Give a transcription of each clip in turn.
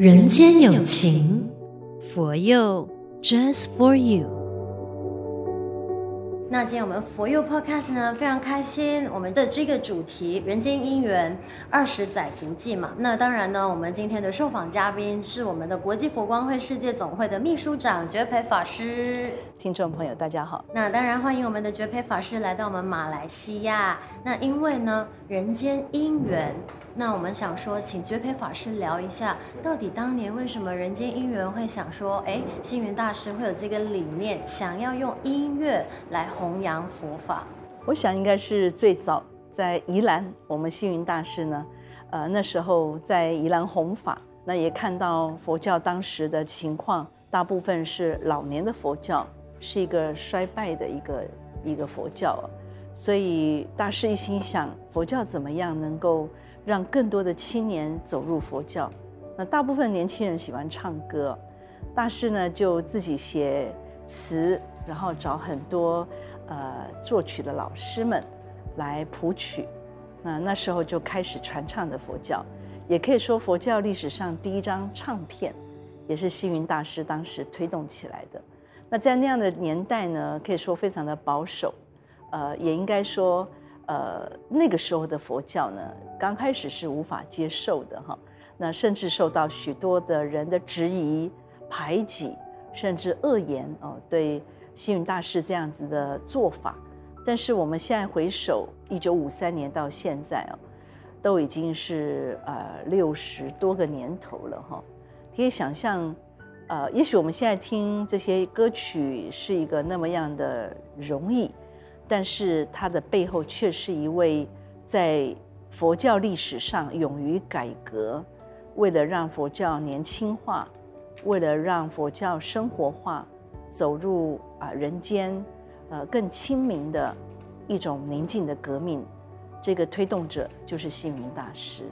人間有情，佛佑，Just for you。那今天我們佛佑 Podcast 呢，非常開心。我們的這個主題“人間音緣二十載足跡”嘛，那當然呢，我們今天的受訪嘉賓是我們的國際佛光會世界總會的秘書長覺培法師。聽眾朋友，大家好。那當然歡迎我們的覺培法師來到我們馬來西亞。那因為呢，人間音緣，那我們想說，請覺培法師聊一下，到底當年為什麼人間音緣會想說，哎，星雲大師會有這個理念，想要用音樂來弘揚佛法。我想應該是最早在宜蘭，我們星雲大師呢，呃，那時候在宜蘭弘法，那也看到佛教當時的情況，大部分是老年的佛教。是一個衰敗的一個一個佛教，所以大師一心想佛教怎麼樣能夠讓更多的青年走入佛教。那大部分年輕人喜歡唱歌，大師呢就自己寫詞，然後找很多呃作曲的老師們來譜曲。那那時候就開始傳唱的佛教，也可以說佛教歷史上第一張唱片，也是星雲大師當時推動起來的。那在那樣的年代呢，可以說非常的保守，呃，也應該說，呃，那個時候的佛教呢，剛開始是無法接受的哈、哦，那甚至受到許多的人的質疑、排擠，甚至惡言哦，對星雲大師這樣子的做法。但是我們現在回首一九五三年到現在哦，都已經是呃六十多個年頭了哈、哦，可以想象。呃，也許我們現在聽這些歌曲是一個那麼樣的容易，但是它的背後卻是一位在佛教歷史上勇於改革，為了讓佛教年輕化，為了讓佛教生活化，走入啊人間，呃，更親民的一種寧靜的革命。這個推動者就是星雲大師，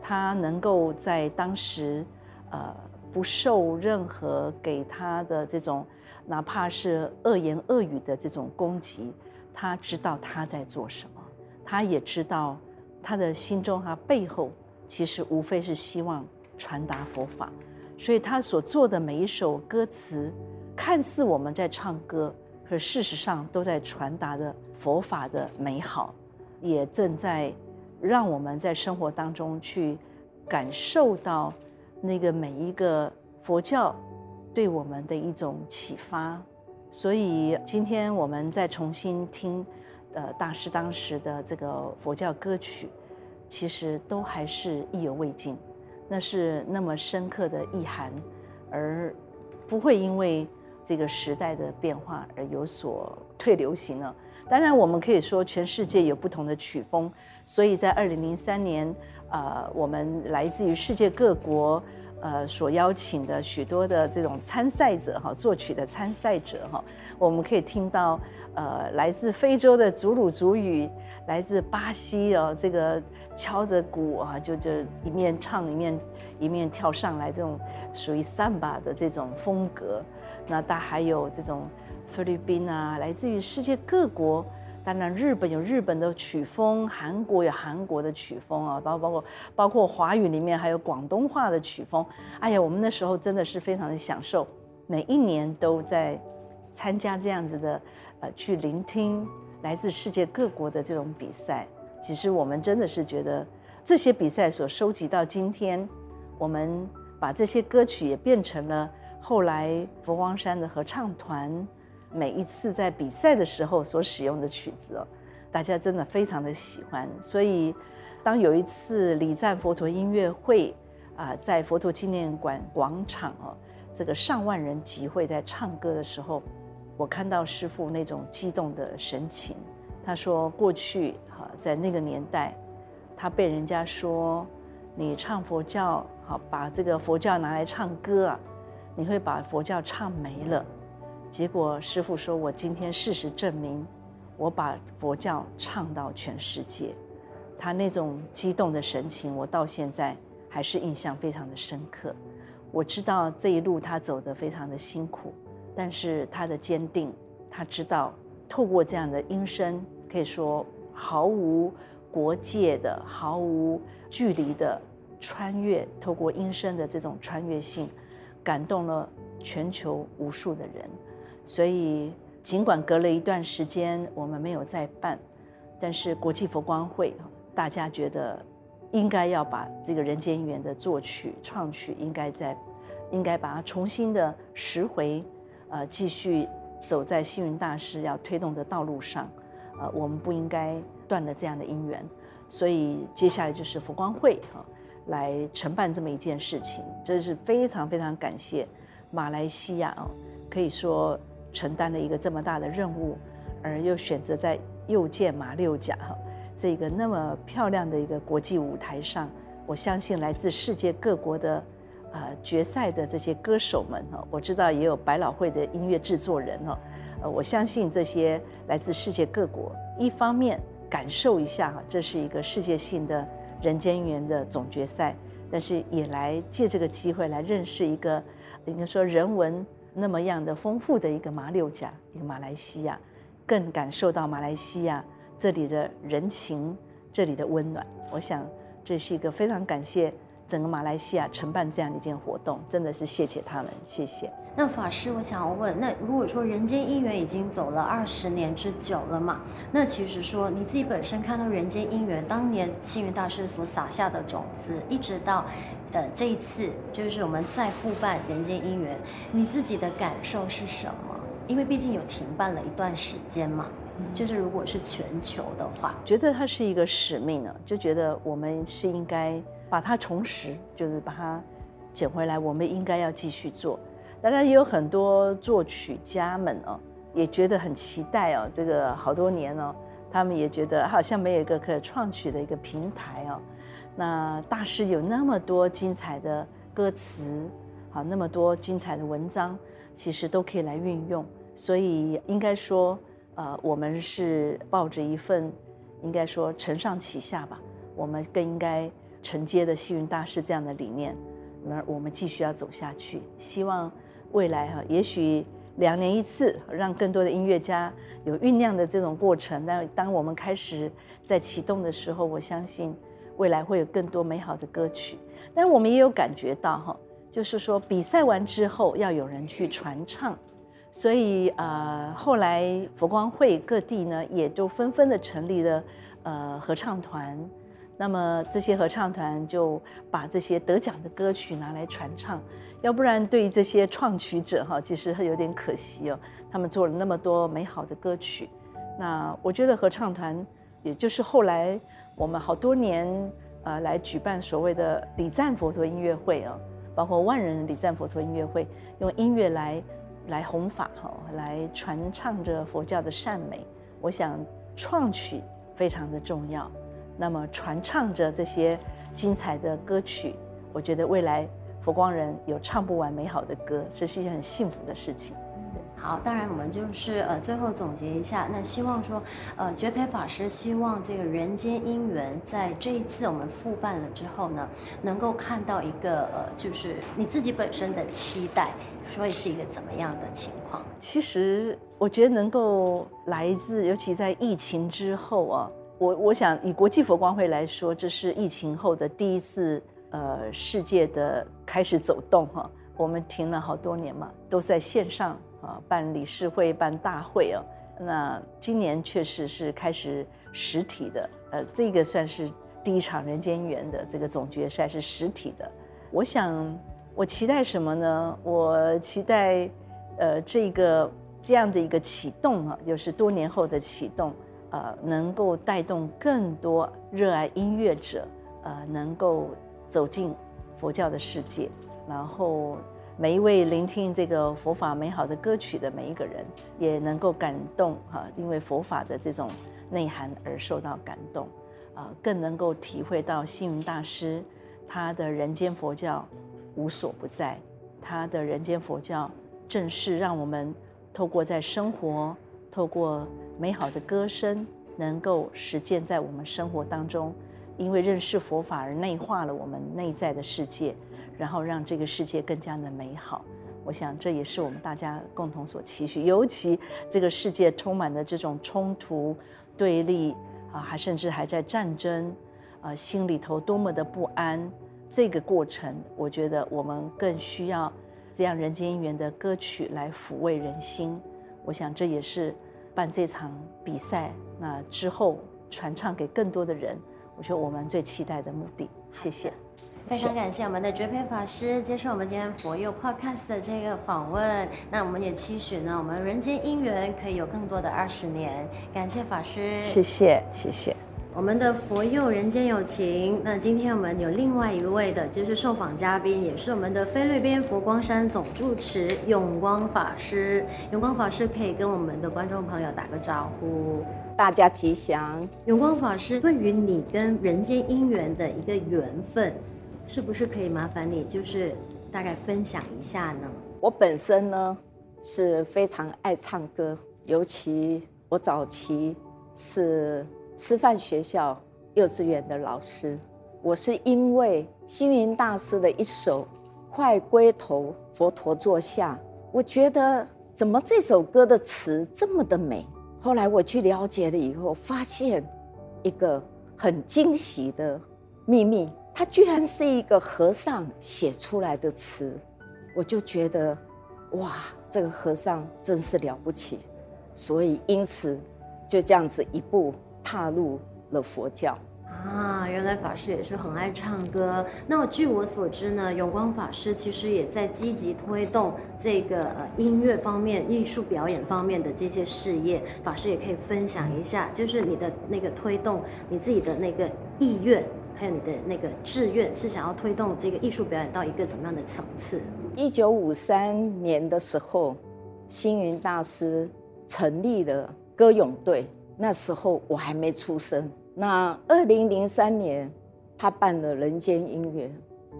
他能夠在當時，呃。不受任何給他的這種，哪怕是惡言惡語的這種攻擊，他知道他在做什麼，他也知道他的心中，他背後其實無非是希望傳達佛法，所以他所做的每一首歌詞，看似我們在唱歌，可事實上都在傳達的佛法的美好，也正在讓我們在生活當中去感受到。那個每一個佛教對我們的一種啟發，所以今天我們再重新聽，呃，大師當時的這個佛教歌曲，其實都還是意猶未盡，那是那麼深刻的意涵，而不會因為這個時代的變化而有所退流行呢。當然，我們可以說全世界有不同的曲風，所以在二零零三年。呃，我們來自於世界各國，呃，所邀請的許多的這種參賽者哈，作曲的參賽者哈，哦，我們可以聽到，呃，來自非洲的祖魯族語，來自巴西哦，這個敲着鼓啊，就就一面唱一面一面跳上來這種屬於桑巴的這種風格。那大還有這種菲律賓啊，來自於世界各國。當然，日本有日本的曲風，韓國有韓國的曲風啊，包括包括包括華語裡面還有廣東話的曲風。哎呀，我們那時候真的是非常的享受，每一年都在參加這樣子的呃，去聆聽來自世界各國的這種比賽。其實我們真的是覺得這些比賽所收集到今天，我們把這些歌曲也變成了後來佛光山的合唱團。每一次在比賽的時候所使用的曲子，大家真的非常的喜歡。所以，當有一次禮讚佛陀音樂會，啊，在佛陀紀念館廣場哦，這個上萬人集會在唱歌的時候，我看到師父那種激動的神情。他說，過去啊在那個年代，他被人家說你唱佛教好，把這個佛教拿來唱歌啊，你會把佛教唱沒了。結果師父說：“我今天事實證明，我把佛教唱到全世界。”他那種激動的神情，我到現在還是印象非常的深刻。我知道這一路他走得非常的辛苦，但是他的堅定，他知道透過這樣的音聲，可以說毫無國界的、毫無距離的穿越，透過音聲的這種穿越性，感動了全球無數的人。所以，儘管隔了一段時間，我們沒有再辦，但是國際佛光會大家覺得應該要把這個人間音緣的作曲創曲應該再，應該把它重新的拾回、呃，繼續走在星雲大師要推動的道路上，呃，我們不應該斷了這樣的因緣，所以接下來就是佛光會哈、呃、來承辦這麼一件事情，這是非常非常感謝馬來西亞哦、呃，可以說。承擔了一個這麼大的任務，而又選擇在又見馬六甲哈這一個那麼漂亮的一個國際舞台上，我相信來自世界各國的呃決賽的這些歌手們哈，我知道也有百老匯的音樂製作人哈，我相信這些來自世界各國，一方面感受一下哈這是一個世界性的人間音緣的總決賽，但是也來借這個機會來認識一個應該說人文。那麼樣的豐富的一個馬六甲，一個馬來西亞，更感受到馬來西亞這裡的人情，這裡的溫暖。我想這是一個非常感謝。整個馬來西亞承辦這樣的一件活動，真的是謝謝他們，謝謝。那法師，我想要問，那如果說人間音緣已經走了二十年之久了嘛，那其實說你自己本身看到人間音緣當年星雲大師所撒下的種子，一直到，呃，這一次就是我們再復辦人間音緣，你自己的感受是什麼？因為畢竟有停辦了一段時間嘛，就是如果是全球的話，嗯、覺得它是一個使命呢，就覺得我們是應該。把它重拾，就是把它撿回來。我們應該要繼續做。當然，也有很多作曲家們哦，也覺得很期待哦。這個好多年哦，他們也覺得好像沒有一個可創曲的一個平台哦。那大師有那麼多精彩的歌詞，好那麼多精彩的文章，其實都可以來運用。所以應該說，呃，我們是抱着一份，應該說承上啟下吧。我們更應該。承接的星雲大師這樣的理念，那我們繼續要走下去。希望未來哈，也許兩年一次，讓更多的音樂家有醞釀的這種過程。那當我們開始在啟動的時候，我相信未來會有更多美好的歌曲。但我們也有感覺到哈，就是說比賽完之後要有人去傳唱，所以啊、呃，後來佛光會各地呢，也都紛紛的成立了呃合唱團。那麼這些合唱團就把這些得獎的歌曲拿來傳唱，要不然對於這些創曲者哈，其實有點可惜哦。他們做了那麼多美好的歌曲，那我覺得合唱團也就是後來我們好多年呃來舉辦所謂的禮讚佛陀音樂會哦，包括萬人禮讚佛陀音樂會，用音樂來來弘法哈，來傳唱着佛教的善美。我想創曲非常的重要。那麼傳唱着這些精彩的歌曲，我覺得未來佛光人有唱不完美好的歌，這是一件很幸福的事情。好，當然我們就是呃最後總結一下，那希望說呃覺培法師希望這個人間音緣在這一次我們復辦了之後呢，能夠看到一個呃就是你自己本身的期待，所以是一個怎麼樣的情況？其實我覺得能夠來自尤其在疫情之後啊。我我想以國際佛光會來說，這是疫情後的第一次，呃，世界的開始走動哈、啊。我們停了好多年嘛，都在線上啊辦理事會、辦大會啊。那今年確實是開始實體的，呃，這個算是第一場人間音緣的這個總決賽是實體的。我想，我期待什麼呢？我期待，呃，這個這樣的一個啟動啊，就是多年後的啟動。呃，能夠帶動更多熱愛音樂者，呃，能夠走進佛教的世界，然後每一位聆聽這個佛法美好的歌曲的每一個人，也能夠感動哈，因為佛法的這種內涵而受到感動，啊，更能夠體會到星云大師他的人間佛教無所不在，他的人間佛教正是讓我們透過在生活。透過美好的歌聲，能夠實踐在我們生活當中，因為認識佛法而內化了我們內在的世界，然後讓這個世界更加的美好。我想這也是我們大家共同所期許。尤其這個世界充滿了這種衝突、對立啊，還甚至還在戰爭啊，心裡頭多麼的不安。這個過程，我覺得我們更需要這樣人間音緣的歌曲來撫慰人心。我想這也是辦這場比賽那之後，傳唱給更多的人，我覺得我們最期待的目的。謝謝。非常感謝我們的覺培法師接受我們今天佛佑 Podcast 的這個訪問。那我們也期許呢，我們人間音緣可以有更多的二十年。感謝法師。謝謝，謝謝。我們的佛佑人間有情。那今天我們有另外一位的，就是受訪嘉賓，也是我們的菲律賓佛光山總住持永光法師。永光法師可以跟我們的觀眾朋友打個招呼？大家吉祥。永光法師，對於你跟人間音緣的一個緣分，是不是可以麻煩你，就是大概分享一下呢？我本身呢是非常愛唱歌，尤其我早期是師範學校、幼稚園的老師，我是因為星雲大師的一首《快皈投佛陀座下》，我覺得怎麼這首歌的詞這麼的美。後來我去了解了以後，發現一個很驚喜的秘密，它居然是一個和尚寫出來的詞，我就覺得哇，這個和尚真是了不起。所以因此就這樣子一步，踏入了佛教啊！原來法師也是很愛唱歌。那據我所知呢，永光法師其實也在積極推動這個音樂方面、藝術表演方面的這些事業。法師也可以分享一下，就是你的那個推動，你自己的那個意願，還有你的那個志願，是想要推動這個藝術表演到一個怎麼樣的層次？一九五三年的時候，星雲大師成立了歌詠隊。那時候我還沒出生。那二零零三年，他辦了《人間音緣》，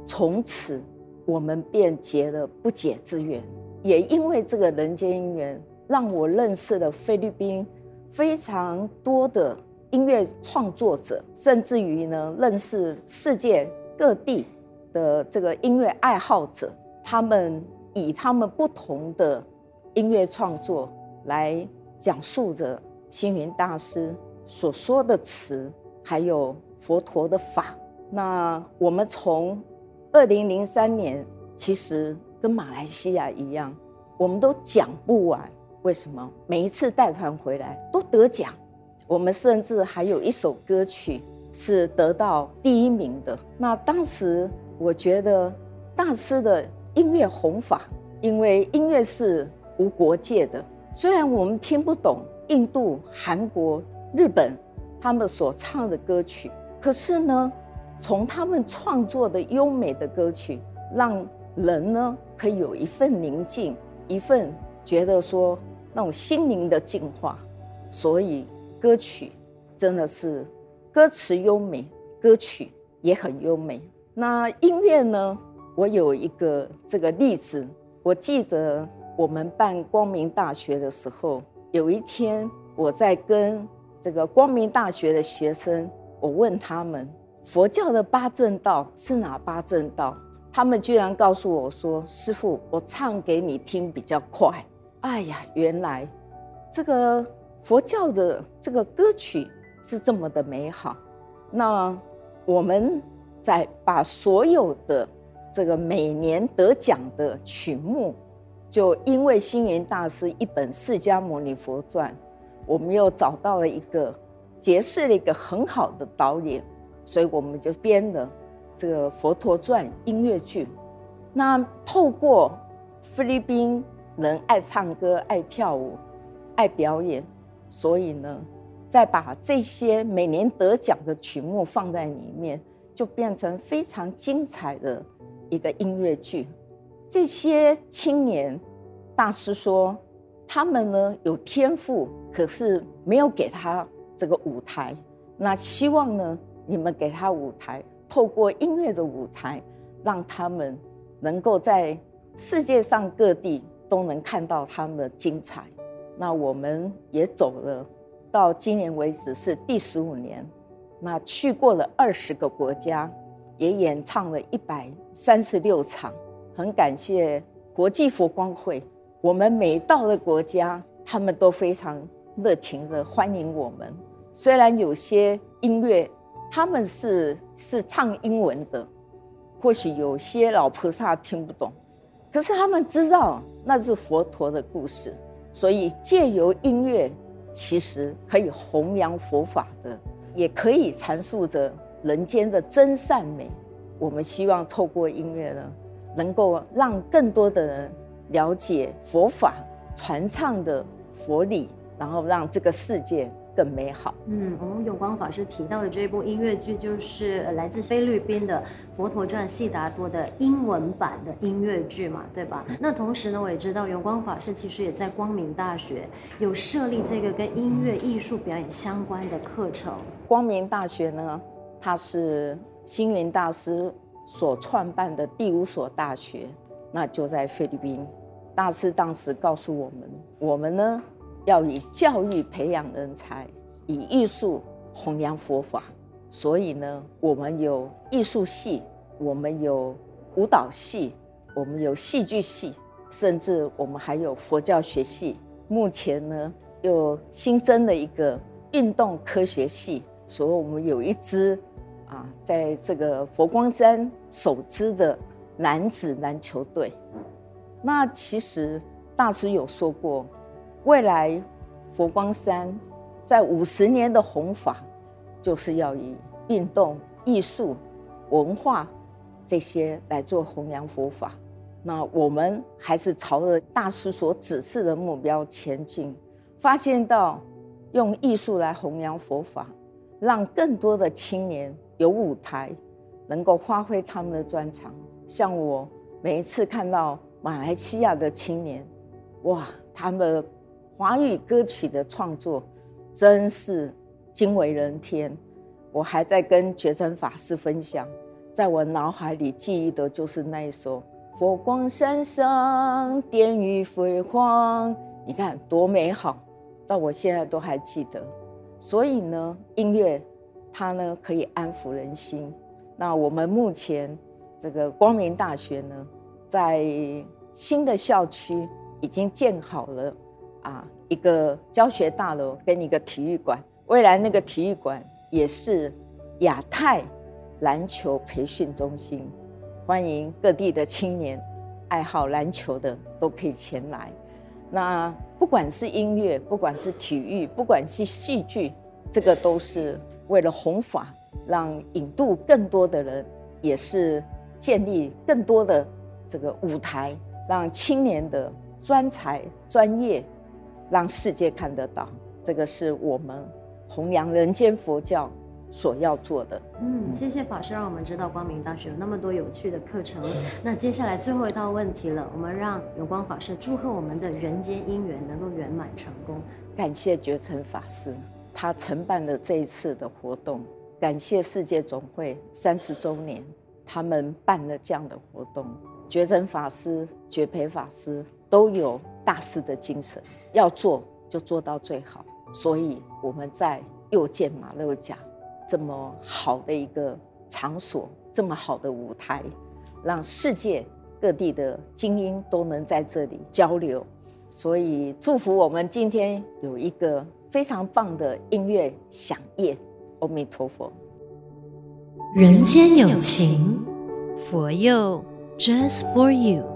從此我們便結了不解之緣。也因為這個《人間音緣》，讓我認識了菲律賓非常多的音樂創作者，甚至於呢，認識世界各地的這個音樂愛好者。他們以他們不同的音樂創作來講述着。星雲大師所說的詞，還有佛陀的法，那我們從二零零三年，其實跟馬來西亞一樣，我們都講不完。為什麼每一次帶團回來都得獎？我們甚至還有一首歌曲是得到第一名的。那當時我覺得大師的音樂弘法，因為音樂是無國界的，雖然我們聽不懂。印度、韓國、日本，他們所唱的歌曲，可是呢，從他們創作的優美的歌曲，讓人呢可以有一份寧靜，一份覺得說那種心靈的淨化。所以歌曲真的是歌詞優美，歌曲也很優美。那音樂呢？我有一個這個例子，我記得我們辦光明大學的時候。有一天，我在跟這個光明大學的學生，我問他們佛教的八正道是哪八正道？他們居然告訴我說：“師父，我唱給你聽比較快。”哎呀，原來這個佛教的這個歌曲是這麼的美好。那我們再把所有的這個每年得獎的曲目。就因為星雲大師一本《釋迦牟尼佛傳》，我們又找到了一個，結識了一個很好的導演，所以我們就編了這個《佛陀傳》音樂劇。那透過菲律賓人愛唱歌、愛跳舞、愛表演，所以呢，再把這些每年得獎的曲目放在裡面，就變成非常精彩的一個音樂劇。這些青年，大師說，他們呢，有天賦，可是沒有給他這個舞台。那希望呢，你們給他舞台，透過音樂的舞台，讓他們能夠在世界上各地都能看到他們的精彩。那我們也走了，到今年為止是第十五年，那去過了二十個國家，也演唱了一百三十六場。很感謝國際佛光會，我們每到的國家，他們都非常熱情的歡迎我們。雖然有些音樂他們是是唱英文的，或許有些老菩薩聽不懂，可是他們知道那是佛陀的故事，所以借由音樂其實可以弘揚佛法的，也可以闡述着人間的真善美。我們希望透過音樂呢。能夠讓更多的人了解佛法，傳唱的佛理，然後讓這個世界更美好。嗯，我們永光法師提到的這部音樂劇就是來自菲律賓的《佛陀傳》悉達多的英文版的音樂劇嘛，對吧？嗯。那同時呢，我也知道永光法師其實也在光明大學有設立這個跟音樂藝術表演相關的課程。嗯。嗯。光明大學呢，它是星雲大師，所創辦的第五所大學，那就在菲律賓。大師當時告訴我們，我們呢要以教育培養人才，以藝術弘揚佛法。所以呢，我們有藝術系，我們有舞蹈系，我們有戲劇系，甚至我們還有佛教學系。目前呢，又新增了一個運動科學系，所以我們有一支。啊，在這個佛光山首支的男子籃球隊。那其實大師有說過，未來佛光山在五十年的弘法，就是要以運動、藝術、文化這些來做弘揚佛法。那我們還是朝着大師所指示的目標前進，發現到用藝術來弘揚佛法。讓更多的青年有舞台，能夠發揮他們的專長。像我每一次看到馬來西亞的青年，哇，他們華語歌曲的創作真是驚為人天。我還在跟覺培法師分享，在我腦海裡記憶的就是那一首《佛光山上，殿宇輝煌》，你看多美好，到我現在都還記得。所以呢，音樂它呢可以安撫人心。那我們目前這個光明大學呢，在新的校區已經建好了啊，一個教學大樓跟一個體育館。未來那個體育館也是亞太籃球培訓中心，歡迎各地的青年愛好籃球的都可以前來。那不管是音樂，不管是體育，不管是戲劇，這個都是為了弘法，讓引渡更多的人，也是建立更多的這個舞台，讓青年的專才、專業，讓世界看得到。這個是我們弘揚人間佛教。所要做的，嗯，謝謝法師讓我們知道光明大學有那麼多有趣的課程，嗯。那接下來最後一道問題了，我們讓永光法師祝賀我們的人間音緣能夠圓滿成功。感謝覺誠法師，他承辦了這一次的活動。感謝世界總會三十周年，他們辦了這樣的活動。覺誠法師、覺培法師都有大師的精神，要做就做到最好。所以我們在又見馬六甲。這麼好的一個場所，這麼好的舞台，讓世界各地的精英都能在這裡交流。所以，祝福我們今天有一個非常棒的音樂饗宴。阿彌陀佛，人間有情，佛佑，Just for you。